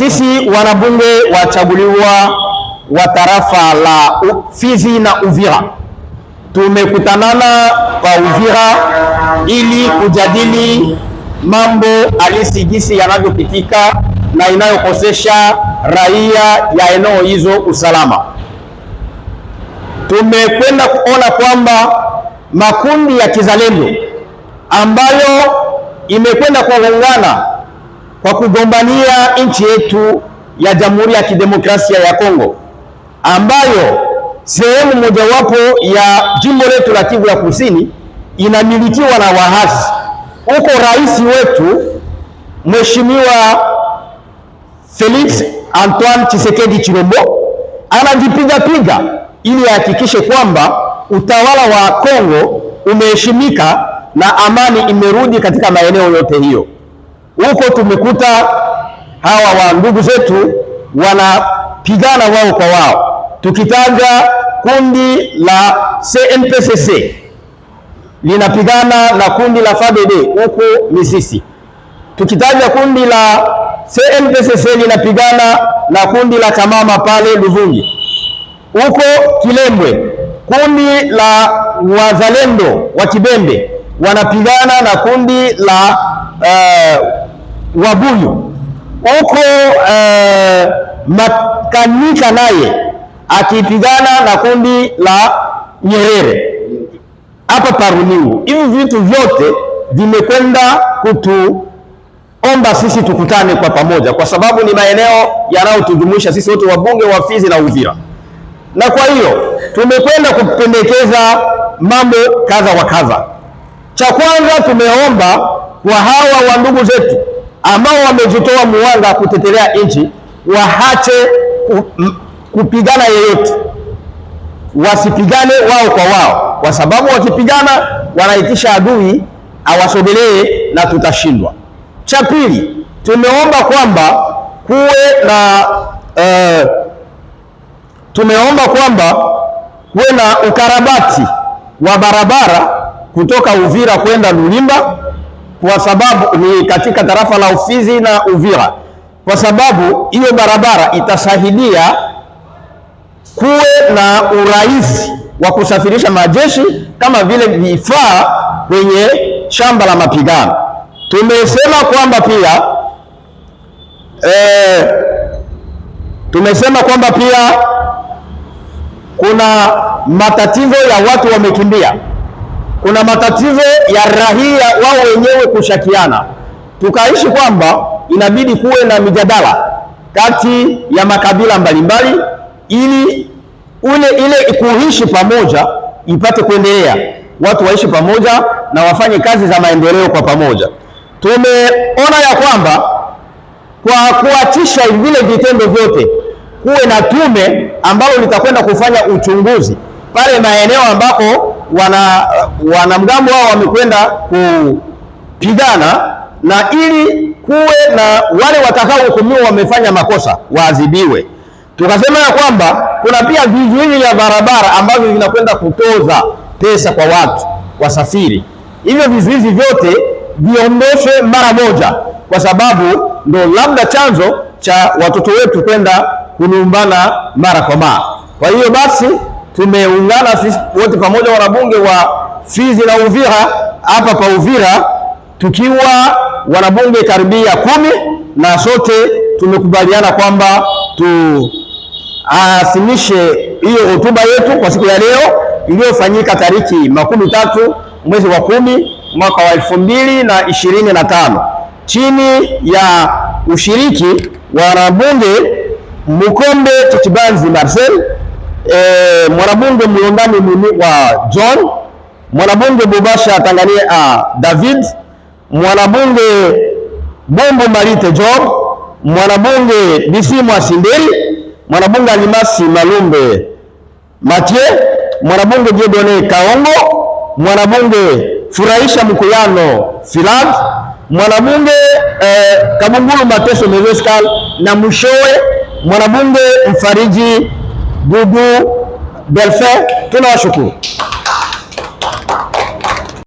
Sisi wanabunge wachaguliwa wa tarafa la Fizi na Uvira tumekutanana kwa Uvira ili kujadili mambo halisi jinsi yanavyopitika na inayokosesha raia ya eneo hizo usalama. Tumekwenda kuona kwamba makundi ya kizalendo ambayo imekwenda kuungana kwa kugombania nchi yetu ya Jamhuri ya Kidemokrasia ya Kongo ambayo sehemu mojawapo ya jimbo letu la Kivu ya Kusini inamilikiwa na wahasi. Huko rais wetu Mheshimiwa Felix Antoine Tshisekedi Chilombo anajipiga piga ili ahakikishe kwamba utawala wa Kongo umeheshimika na amani imerudi katika maeneo yote hiyo. Huko tumekuta hawa wa ndugu zetu wanapigana wao kwa wao, tukitaja kundi la CNPCC linapigana na kundi la FADD huko Misisi, tukitaja kundi la CNPCC linapigana na kundi la Kamama pale Luvungi, huko Kilembwe kundi la wazalendo wa Kibembe wanapigana na kundi la uh, Wabuyu huko eh, Makanika naye akipigana na kundi la Nyerere hapa paruniu Hivi vitu vyote vimekwenda kutuomba sisi tukutane kwa pamoja, kwa sababu ni maeneo yanayotujumuisha sisi wote wabunge wa Fizi na Uvira, na kwa hiyo tumekwenda kupendekeza mambo kadha wa kadha. Cha kwanza tumeomba kwa hawa wa ndugu zetu ambao wamejitoa muwanga kutetelea nchi waache kupigana yeyote, wasipigane wao kwa wao, kwa sababu wakipigana wanaitisha adui awasogelee na tutashindwa. Cha pili, tumeomba kwamba kuwe na e, tumeomba kwamba kuwe na ukarabati wa barabara kutoka Uvira kwenda Lulimba kwa sababu ni katika tarafa la Ufizi na Uvira, kwa sababu hiyo barabara itasaidia kuwe na urahisi wa kusafirisha majeshi kama vile vifaa kwenye shamba la mapigano. Tumesema kwamba pia e, tumesema kwamba pia kuna matatizo ya watu wamekimbia kuna matatizo ya rahia wao wenyewe kushakiana, tukaishi kwamba inabidi kuwe na mijadala kati ya makabila mbalimbali ili ule ile kuishi pamoja ipate kuendelea, watu waishi pamoja na wafanye kazi za maendeleo kwa pamoja. Tumeona ya kwamba kwa kuatisha vile vitendo vyote, kuwe na tume ambalo litakwenda kufanya uchunguzi pale maeneo ambako wana wanamgambo hao wamekwenda kupigana, na ili kuwe na wale watakaohukumiwa wamefanya makosa waadhibiwe. Tukasema ya kwamba kuna pia vizuizi vya barabara ambavyo vinakwenda kutoza pesa kwa watu wasafiri. Hivyo vizuizi vyote viondoshwe mara moja, kwa sababu ndo labda chanzo cha watoto wetu kwenda kulumbana mara kwa mara. Kwa hiyo basi tumeungana sisi wote pamoja wanabunge wa Fizi na Uvira hapa pa Uvira, tukiwa wanabunge karibia kumi na sote tumekubaliana kwamba tuasimishe hiyo hotuba yetu kwa siku ya leo iliyofanyika tariki makumi tatu mwezi wa kumi mwaka wa elfu mbili na ishirini na tano chini ya ushiriki wa wanabunge Mukombe Tchibanzi Marcel e, mwanabunge mlundani wa John, mwanabunge Bubasha Tanganyika ah, David, mwanabunge Bumbu Malite Job, mwanabunge DC Mwasindeli, mwanabunge Alimasi Malumbe Mathieu, mwanabunge Jedone Kaongo, mwanabunge Furahisha Mkuyano Filad, mwanabunge eh, Kabungulu Mateso mezeskal na mwishowe mwanabunge Mfariji গুগু বেলফে কেন আসুকু